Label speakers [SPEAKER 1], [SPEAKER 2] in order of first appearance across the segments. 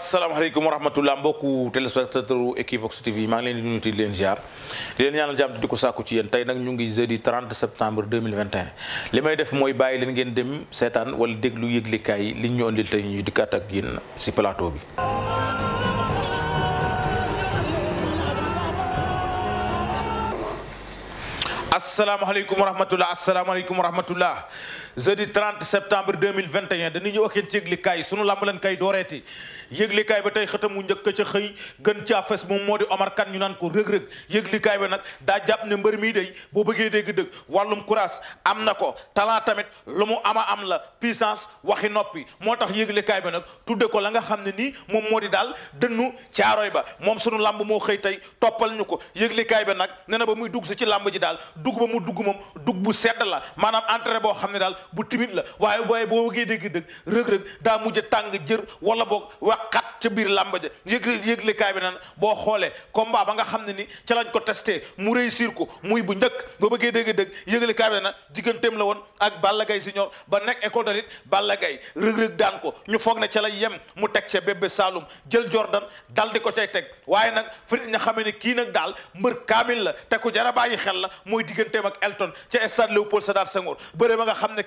[SPEAKER 1] asalaamaaleykum wa rahmatullah mbokku téléspectateur Equivox TV maa ngi leen di leen ziar di leen ñaanal jàmm ko sàkku ci yéen tey nag ñu ngi jeudi 30 septembre 2021 li may def mooy bàyyi leen ngeen dem seetaan wala déglu yëglekaay yi liñ ñu andil tey ñuy dikkaat ak yéen si plateau bi. asalaamaaleykum wa rahmatullah asalaamaaleykum jeudi 30 septembre 2021 dañu ñëw ak yéen ci yëglikaay sunu làmb leen kay dooreeti yëglikaay ba tey xëtam mu njëkk ca xëy gën caa fes moom moo di Omar Kane ñu naan ko rëg-rëg yëglikaay ba nag daa jàpp ne mbër mii day boo bëggee dégg dëgg wàllum courage am na ko talent tamit lu mu ama am la puissance waxi noppi moo tax yëglekaay ba nag tudde ko la nga xam ne nii moom moo di daal dënnu caaroy ba moom sunu làmb moo xëy tey toppal ñu ko yëglekaay ba nag nee na ba muy dugg si ci làmb ji daal dugg ba mu dugg moom dugg bu sedd la maanaam entrée boo xam ne daal bu timit la waaye waaye boo bëggee dégg-dëgg rëg-rëg daa mujj tàng jër wala boog waxat ca biir làmba ja yëg yëglekaay bi naan boo xoolee combat ba nga xam ne ni ca lañ ko testé mu réussir ko muy bu njëkk boo bëggee dégg-dëgg yëglekaay bi naan digganteem la woon ak Balla Gaye senior ba nekk école de lutte Balla Gaye rëg-rëg daan ko ñu foog ne ca la yem mu teg ca bébé Saloum jël Jordan dal di ko cay teg waaye nag fi nit ña xamee kii nag daal mbër kaamil la te ku jara xel la mooy digganteem ak Elton ca stade Léopold Sédar Senghor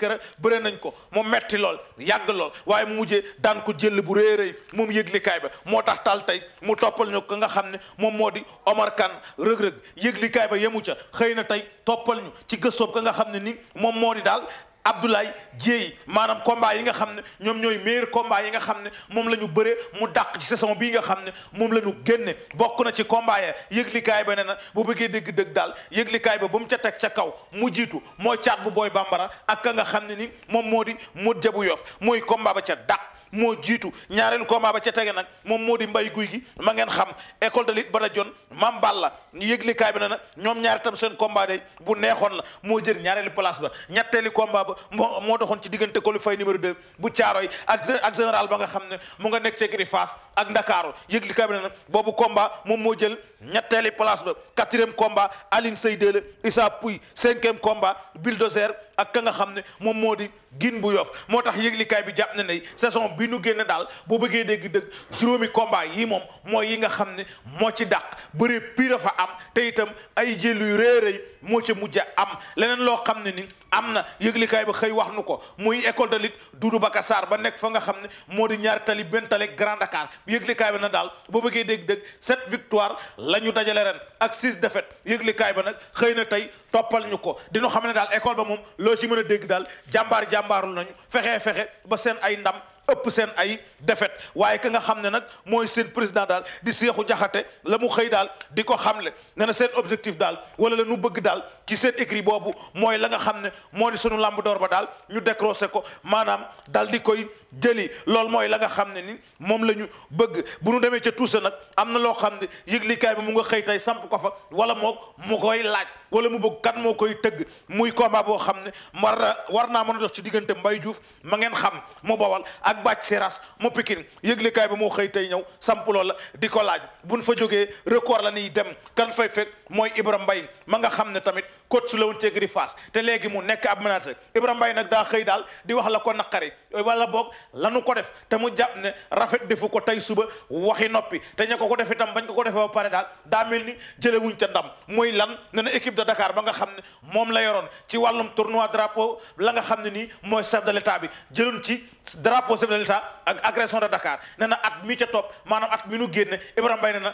[SPEAKER 1] kere bëre nañ ko mu metti lool yàgg lool waaye mu mujjee daan ko jël bu rëy rëy moom yëglikaay ba moo tax taal tey mu toppal ñu ko nga xam ne moom moo di Omar Kane rëg-rëg yëglikaay ba yemu ca xëy na tey toppal ñu ci gëstoob ka nga xam ne ni moom moo di daal Abdoulaye Dieye maanaam combat yi nga xam ne ñoom ñooy meilleur combat yi nga xam ne moom la ñu bëre mu dàq ci saison bii nga xam ne moom la ñu génne bokk na ci combat ya yëglikaay ba ne bu bëggee dégg dëgg daal yëglikaay ba ba mu ca teg ca kaw mu jiitu mooy caat bu booy bambara ak ka nga xam ne ni moom moo di mu jabu yof mooy combat ba ca dàq moo jiitu ñaareelu combat ba ca tege nag moom moo di mbay guy gi ma ngeen xam école de lutte ba da jon mam balla yëglikaay bi ne na ñoom ñaar itam seen combat de bu neexoon la moo jël ñaareelu place ba ñetteeli combat ba moo moo doxoon ci diggante Coly Faye numéro 2 bu Caaroy ak ak ba nga xam ne mu nga nekk ci écurie Fass ak Ndakaaru yëglikaay bi ne na boobu komba moom moo jël ñetteeli place ba quatrième combat Aline Seydele Issa Pouye cinquième komba bulldozer ak ka nga xam ne moom moo di gin bu yof moo tax yëglikaay bi jàpp na ne saison bi nu génn daal boo bëggee dégg dëgg juróomi combat yi moom mooy yi nga xam ne moo ci dàq bëree pire fa am te itam ay jël yu rëy moo ca mujj am leneen loo xam ne ni am na yëglikaay bi xëy wax nu ko muy école de lutte Doudou Baka Sarr ba nekk fa nga xam ne moo di ñaari tali benn tali Grand Dakar yëglikaay bi na daal boo bëggee dégg-dégg sept victoire la ñu ren ak six défaites yëglikaay ba nag xëy na tey toppal ñu ko di dinu xam ne daal école ba moom loo ci mën a dégg daal jàmbaar jàmbaarul nañu fexe fexe ba seen ay ndam ëpp seen ay défaite waaye ka nga xam ne nag mooy seen président daal di seexu jaxate la mu xëy daal di ko xamle ne na seen objectif daal wala la nu bëgg daal ci seen écrit boobu mooy la nga xam ne moo di sunu làmb door ba daal ñu décroché ko maanaam daal di koy jëli loolu mooy la nga xam ne ni moom la ñu bëgg bu nu demee ca tuusa nag am na loo xam ne yëglikaay bi mu nga xëy tey samp ko fa wala moom mu koy laaj wala mu bëgg kan moo koy tëgg muy combat boo xam ne war war naa mën a dox ci diggante Mbaye Diouf ma ngeen xam mu bawal ak Bathie Seras mu Pikine bi moo xëy tey ñëw samp la di ko laaj bu ñu fa jógee record la niy dem kan fay fekk mooy Ibra Mbaye ma nga xam ne tamit coach su la woon ci te léegi mu nekk ab manager Ibra mbay nag daa xëy daal di wax la ko naqari wala boog lanu ko def te mu jàpp ne rafet defu ko tey suba waxi noppi te ña ko ko def itam bañ ko ko defee ba pare daal daamel mel ni jëlewuñ ca ndam mooy lan ne équipe de Dakar ba nga xam ne moom la yoroon ci wàllum tournoi drapeau la nga xam ne nii mooy chef de l'état bi jëloon ci drapeau chef de l'État ak agression de Dakar nee na at mi ca topp maanaam at mi nu génne Ibrahima Mbaye nee na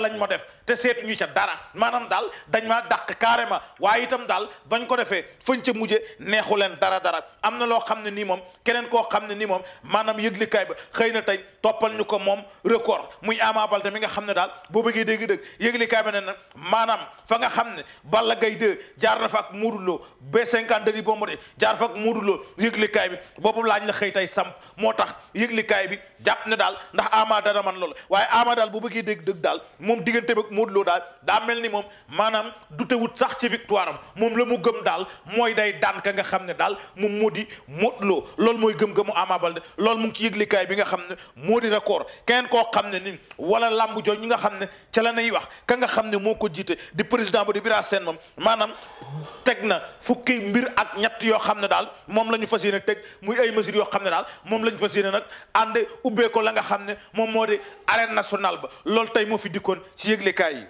[SPEAKER 1] lañu lañ ma def te seetu ñu ca dara maanaam daal dañ ma dàq carrément waaye itam daal bañ ko defee fañ ca mujje neexu leen dara dara am na loo xam ne nii moom keneen koo xam ne nii moom maanaam yëglikaay ba xëy na tey toppal ñu ko moom record muy Ama Baldé mi nga xam ne daal boo bëggee dégg-dëgg yëglikaay ba nee na maanaam fa nga xam ne Balla Gaye 2 jaar na fa ak Modou Lo B52 yi de jaar fa ak Modou bi boobu laaj la tey samp moo tax yëglikaay bi jàpp ne daal ndax ama dana man loolu waaye ama daal bu bëggee dégg dëgg daal moom diggante ba Modou daal daa mel ni moom maanaam dutewut sax ci victoire am moom la mu gëm daal mooy day daan ka nga xam ne daal moom moo di Modou Lo loolu mooy gëm-gëmu Ama Baldé loolu mu ngi ci yëglikaay bi nga xam ne moo di record keneen koo xam ne ni wala lamb jooju ñi nga xam ne ca la nay wax ka nga xam ne moo ko jiite di président ba di Bira Sène moom maanaam teg na fukki mbir ak ñett la ñu fas yéene muy ay mesures yoo xam ne nationale moom lañ fa yéene nag ànd ubbee ko la nga xam ne moom moo di arène nationale ba loolu tey moo fi dikkoon ci yëglekaay yi.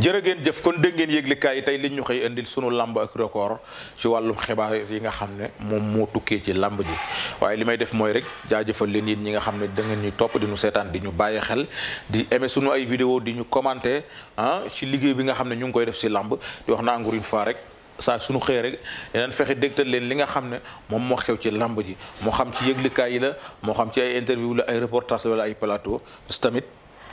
[SPEAKER 1] jërë ngeen jëf kon dégg ngeen yëglekaay yi tey li ñu xëy indil sunu lamb ak record ci wàllum xibaar yi nga xam ne moom moo tukkee ci lamb ji waaye li may def mooy rek jaajëfal leen yéen ñi nga xam ne dangeen ngeen topp di ñu seetaan di ñu bàyyi xel di aimé sunu ay vidéo di ñu commenté ah ci liggéey bi nga xam ne ñu ngi koy def si lamb di wax naa encore une fois rek. saa sunu xëy rek yeneen fexe dégtal leen li nga xam ne moom moo xew ci làmb ji moo xam ci yëglikaay yi la moo xam ci ay interview la ay reportage la wala ay plateau parce tamit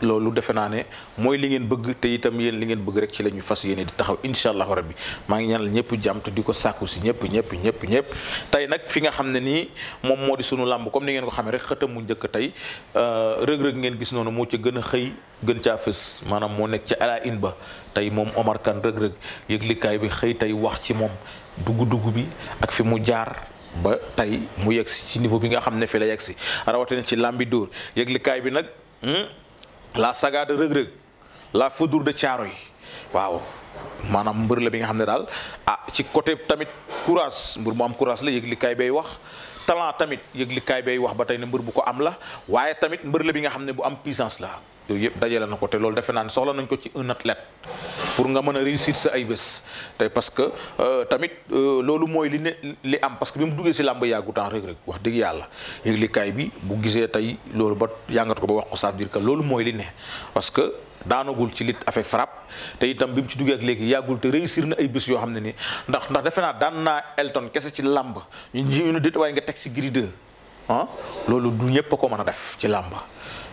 [SPEAKER 1] loolu defe naa ne mooy li ngeen bëgg te itam yéen li ngeen bëgg rek ci la ñu fas yéene di taxaw incha allahu rabbi maa ngi ñaanal ñëpp jàmm te di ko sàkku si ñëpp ñëpp ñëpp ñëpp tey nag fi nga xam ne nii moom moo di sunu làmb comme ni ngeen ko xamee rek xëtam mu njëkk tey euh, rëg-rëg ngeen gis noonu moo ca gën a xëy gën fës maanaam moo nekk ca ala in ba tey moom Omar Kane rëg-rëg yëglikaay bi xëy tey wax ci moom dugg-dugg bi ak fi mu jaar ba tey mu yegg si ci niveau bi nga xam ne fi la yegg si rawatina ci làmbi dóor yëglikaay bi nag hmm? la saga de rëg-rëg la foudre de caaro yi waaw maanaam mbër la bi nga xam ne daal ah ci côté tamit courage mbër mu am courage la yëg li bay wax talent tamit yëg li wax ba tey ne mbër bu ko am la waaye tamit mbër bi nga xam ne bu am puissance la yooyu yëpp dajale na ko te loolu defe naa ne soxla nañ ko ci un athlète pour nga mën a réussir sa ay bés tey parce que euh, tamit euh, loolu mooy li ne li am parce que bi mu duggee si làmb yàggu temps rek rek wax dëgg yàlla yëglikaay bi bu gisee tey loolu ba yàngat ko ba wax ko ça veut que loolu mooy li ne parce que daanagul ci lit affaire frappe te itam bi mu ci duggee léegi yàggul réussir na ay bés yoo xam ne ni ndax ndax defe naa daan naa Elton kese ci làmb ñu ñu dit waaye nga teg si gri ah loolu du ñëpp a ko mën a def ci làmb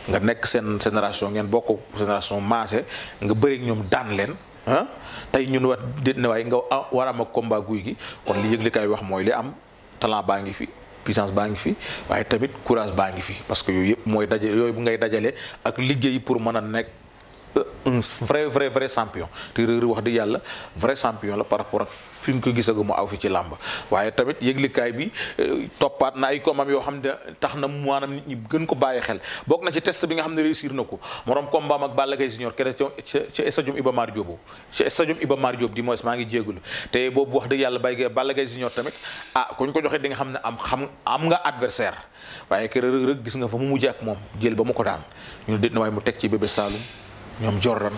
[SPEAKER 1] nga nekk seen génération ngeen bokk génération maase nga bëri ñoom daan leen ah tey ñun wat déet ne waay nga war am ak combat guy gi kon li yëgle kay wax mooy li am talent baa ngi fi puissance baa ngi fi waaye tamit courage baa ngi fi parce que yooyu yëpp mooy daje yooyu bu ngay dajale ak liggéey pour mën a nekk. un vrai vrai vrai champion te Reug wax dëgg yàlla vrai champion la par rapport ak fi mu ko gisagu mu aw fi ci làmb waaye tamit yëglikaay bi euh, toppaat na ay combat yoo xam ne tax na maanaam nit ñi gën ko bàyyi xel bokk na ci test bi nga xam ne réussir na ko moroom combat ak Balla Gaye Junior kere ci stadium Iba Mar Diop ci stadium Iba maa ngi jégalu te boobu wax dëgg yàlla Baye Gaye Balla Gaye Junior tamit ah ko joxee di nga xam ne am xam am nga adversaire waaye kër Reug Reug gis nga fa mu mujj ak moom jël ba mu ko daan ñu déet na waaye mu teg ci bébé Saloum ñoom Jordan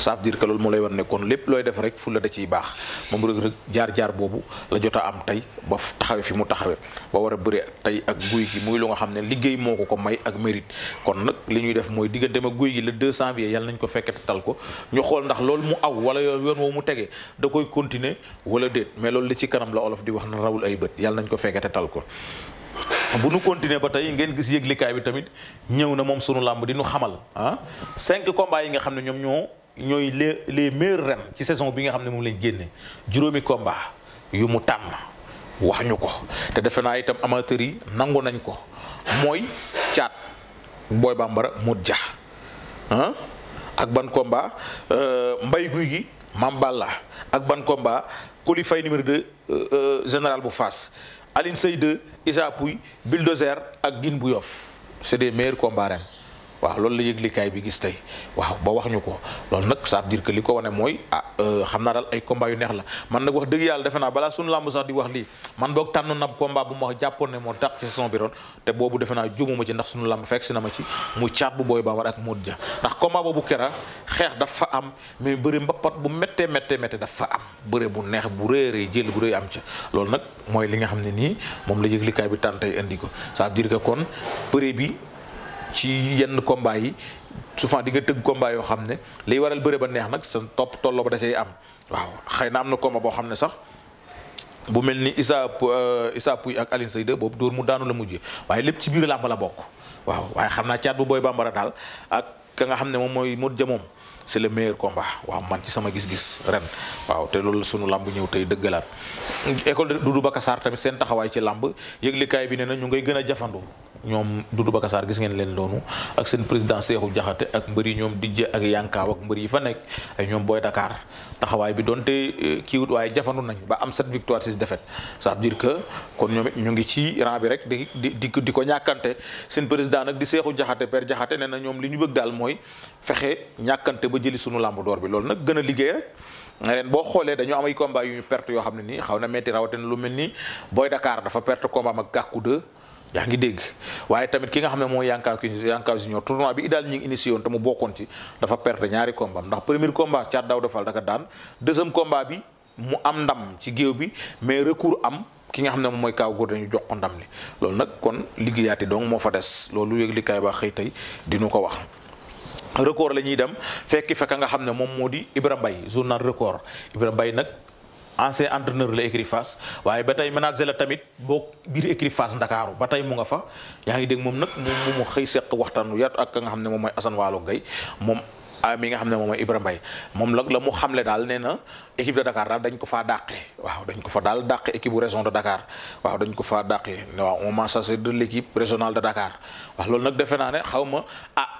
[SPEAKER 1] ça veut dire que loolu moo lay war ne kon lépp looy def rek fu la da ciy baax moom Reug Reug jaar-jaar boobu la jot a am tey ba taxawe fi mu taxawee ba war a bëri tey ak guy gi muy lu nga xam ne liggéey moo ko ko may ak mérite kon nag li ñuy def mooy diggante ma guy gi le 2 janvier yàlla nañ ko fekke tal ko ñu xool ndax lool mu aw wala yoon yoon woo mu tegee da koy continuer wala déet mais loolu li ci kanam la olof di wax na rawul ay bët yàlla nañ ko fekkete tal ko bu nu continuer ba tey ngeen gis yëglikaay bi tamit ñëw na moom sunu làmb di nu xamal ah cinq combats yi nga xam ne ñoom ñoo ñooy le les meilleurs ren ci saison bi nga xam ne moom lañ génne juróomi komba yu mu tànn wax ñu ko te defe naa itam amateurs yi nangu nañ ko mooy caat booy bambara mut ja ah ak ban komba euh, mbay guy gi mambala ak ban combat Coly Faye numéro euh, euh, général bu fas Aline Seyde Isa Pouy Bulldozer ak Guine bu Yoff c'est des meilleurs combats ren waaw loolu la yëglikaay bi gis tey waaw ba wax ñu ko loolu nag ça veut dire li ko wane mooy ah euh, xam naa daal ay combat yu neex la man nag wax dëgg yàlla defe naa balaa suñu làmb sax di wax lii man boog tànn na combat bu ma jàppoon ne moo tax ci saison bi te boobu defe naa juumuma ci ndax suñu làmb fekk si ma ci mu caat bu booy ba war ak Modou Dia ndax combat boobu kera xeex dafa am mais bëri mbappat bu méttee méttee méttee dafa am bëri bu neex bu rëy rëy jël bu rëy am ca loolu nag mooy li nga xam ne nii moom la yëglikaay bi tànn tey indi ko ça veut kon bëri ci yenn combat yi souvent di nga tëgg combat yoo xam ne liy waral bëre ba neex nag sa topp tolloo ba dasey am waaw xëy na am na combat boo xam ne sax bu mel ni Issa euh, Issa Pouye ak Alioune Seye boobu dóor mu daanu la mujjee waaye lépp ci biir làmb la bokk waaw waaye xam naa caat bu booy bambara daal ak ka nga xam ne moom mooy Modou jamoom c'est le meilleur combat waaw man ci sama gis-gis ren waaw te loolu sunu làmb ñëw tey dëggalaat école de Doudou Bakassar tamit seen taxawaay ci làmb yëglikaay bi ne na ñu ngay gën a jafandu ñoom Doudou Bakassar gis ngeen leen loonu ak seen président Seexu Jaxate ak mbër yi ñoom dijje ak yankaaw ak mbër yi fa nekk ay ñoom booy taxawaay bi donte eh, kiiwut waaye jafandu nañu ba am 7 victoire 6 défaite ça veut dire que kon ñoom ñu ngi ci rang bi rek di di di ko ñàkkante seen président nag di Seexu Jaxate père Jaxate nee na ñoom li ñu bëgg daal mooy fexe ñàkkante ba jëli sunu làmb door bi loolu nag gën a liggéey rek ren boo xoolee dañoo am ay combat yu ñu perte yoo xam ne nii xaw na metti rawatina lu mel ni Boy Dakar dafa perte combat mag gàkku de yaa ngi dégg waaye tamit ki nga xam ne mooy Yankaw ki Yankaw junior tournoi bi daal ñu ngi initié woon te mu bokkoon ci dafa perte ñaari combat ndax premier combat Thiat Daouda Fall daka daan deuxième combat bi mu am ndam ci géew bi mais recours am ki nga xam ne moom mooy kaaw góor dañu jox ko ndam li loolu nag kon liggéeyaati donc moo fa des loolu yëg li kaay ba xëy tey dinu ko wax record la ñuy dem fekki fekk nga xam ne moom moo di Ibra Mbaye journal record Ibra Mbaye nag ancien entraîneur la écurie waaye ba tey manager la tamit bo biir écurie Fass Ndakaaru ba tey mu nga fa yaa ngi dégg moom nag moom moomu xëy seq waxtaan wu yaatu ak ka xam ne moom mooy Assane Waalo Gueye moom ah, mi nga xam moom mooy Ibra Mbaye moom la la mu xamle daal nee na équipe de Dakar daal dañ ko faa dàqe waaw dañ ko fa daal dàqe équipe région de Dakar waaw dañ ko faa dàqe waaw on m'a chassé de l'équipe régionale de Dakar waaw loolu nag defe naa ne xaw ah,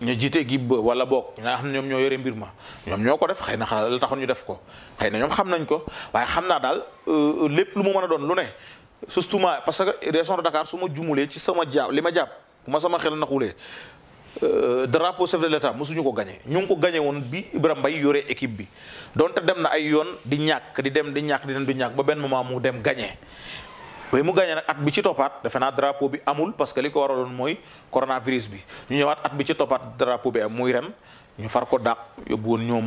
[SPEAKER 1] ñu jiite gi ba wala boog ñi xam ne ñoom ñoo yore mbir ma ñoom ñoo ko def xëy na xanaa la taxoon ñu def ko xëy na ñoom xam nañ ko waaye xam naa daal euh, lépp lu mu mën a doon lu ne ma parce que région de Dakar su ma jumulee ci sama jàpp li ma jàpp bu ma sama xel naxulee euh, drapeau chef de l'état suñu ko gagné ñu ngi ko gagné woon bi Ibrahima mbay yore équipe bi donte dem na ay yoon di ñàkk di dem di ñàkk di dem di ñàkk ba benn moment mu dem gagné ba mu gagné nag at bi ci toppaat defe naa drapeau bi amul parce que li ko waraloon mooy coronavirus bi ñu ñëwaat at bi ci toppaat drapeau bi am muy ren ñu far ko dàq yóbbu woon ñoom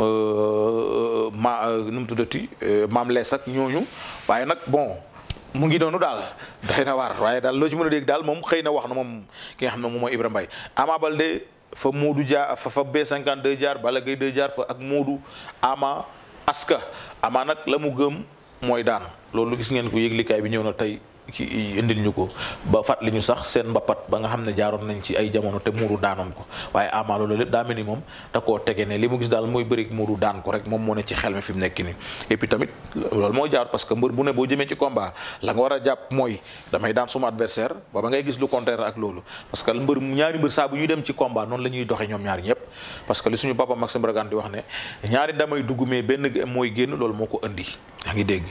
[SPEAKER 1] euh, ma euh, nu mu tuddati euh, maam lees ak ñooñu waaye nag bon mu ngi noonu daal xëy na waar waaye daal loo ci mën a dégg daal moom xëy na wax na moom ki nga xam ne moom mooy Ibrahima Mbaye Ama Baldé fa Moodu jaar fa fa cinquante 52 jaar bala gay 2 jaar fa ak Moodu Ama Aska Ama nag la mu gëm mooy daan loolu gis ngeen ko yëglikaay bi ñëw na tey ci indil ñu ko ba fàttali ñu sax seen mbappat ba nga xam ne jaaroon nañ ci ay jamono te muuru daanoon ko waaye Ama loolu lépp daa mel ni moom koo tege ne li mu gis daal mooy bëri muuru daan ko rek moom moo ne ci xel mi fi mu nekk nii. et puis tamit loolu moo jaar parce que mbër bu ne boo jëmee ci combat la nga war a jàpp mooy damay daan suma adversaire ba ba ngay gis lu contraire ak loolu parce que mbër ñaari mbër saa bu ñuy dem ci combat la ñuy doxee ñoom ñaari ñëpp parce que li suñu papa Maxime Bragane di wax ne ñaari damay dugg mais benn mooy génn loolu moo ko indi yaa ngi dégg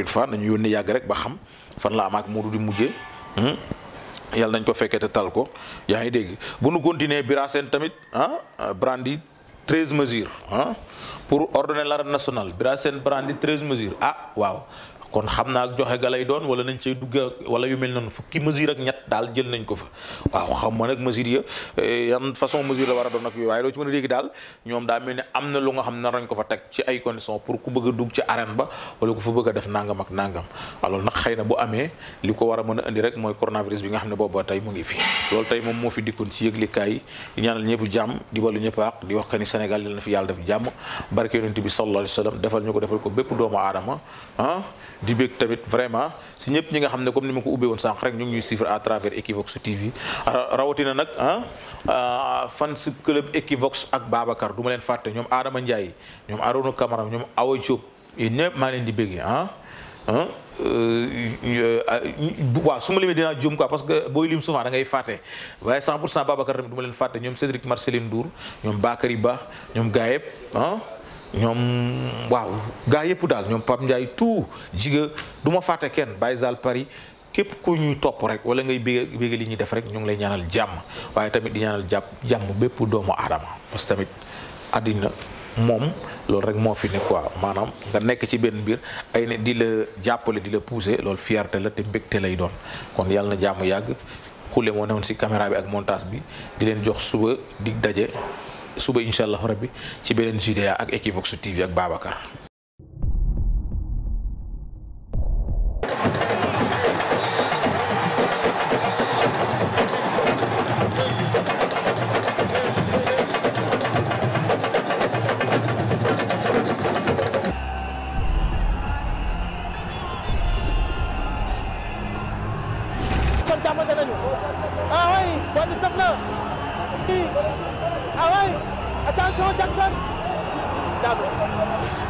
[SPEAKER 1] encore une fois nañu yónni yàgg rek ba xam fan la am ak Modou di mujjee hmm? yàlla nañ ko fekkee te tal ko yaa ngi dégg bu nu continuer Bira Sène tamit ah brandi 13 mesures ah, pour ordonner l'arène nationale Bira Sène brandi 13 mesures ah waaw kon xam naa joxe ga lay doon wala nañ cay dugg wala yu mel noonu fukki mesure ak ñett daal jël nañ ko fa waaw xam ma nag mesure ya eh, yan façon mesure la war a doon ak yooyu waaye loo ci mën a dégg daal ñoom daa mel ni am na lu nga xam ne nañ ko fa teg ci ay conditions pour ku bëgg dugg ci arène ba wala ku fa bëgg a def nangam ak xëy na bu amee li ko war a mën a indi rek mooy coronavirus bi nga xam ne boobu ba tey mu ngi fi loolu tey moom moo fi di ñaanal ñëpp jàmm di balu ñëpp wax que ni Sénégal fi yàlla def jàmm barke yonent bi sallallahu alayhi wa ko defal ko bépp doomu aadama ah di bëgg tamit vraiment si ñëpp ñi nga xam ne comme ni ma ko ubbee woon sànq rek ñu ngi ñuy suivre à travers Equivox TV rawatina nag ah, ah fan si club Equivox ak Babacar du ma leen fàtte ñoom Adama Ndiaye ñoom Arouna kamara ñoom Awa Diop yéen ñëpp maa leen di bëggee ah. ah euh, euh, waaw su ma limee dinaa juum quoi parce que booy lim suma da ngay fàtte waaye 100 pour cent Babacar tamit du ma leen fàtte ñoom Cédric Marcelin duur ñoom Bakary Ba ñoom Gaëb ah. ñoom waaw gaa yëpp daal ñoom Pape Ndiaye tout jiga du ma fàtte kenn Baye Zal Paris képp ku ñuy topp rek wala ngay bégg bégg li ñuy def rek ñu ngi lay ñaanal jàmm waaye tamit di ñaanal jàpp jàmm bépp doomu aadama parce tamit àddina moom loolu rek moo fi ne maanaam nga nekk ci benn mbir ay ne di la jàppale di la pousser loolu fierté la te mbégte lay doon kon yàlla na jàmm yàgg xule moo newoon si caméra bi ak montage bi di leen jox suba dig daje suba incha allah rabbi ci beneen JDA ak Equivox TV ak Babacar. Ah ouais Attention, Jackson Double.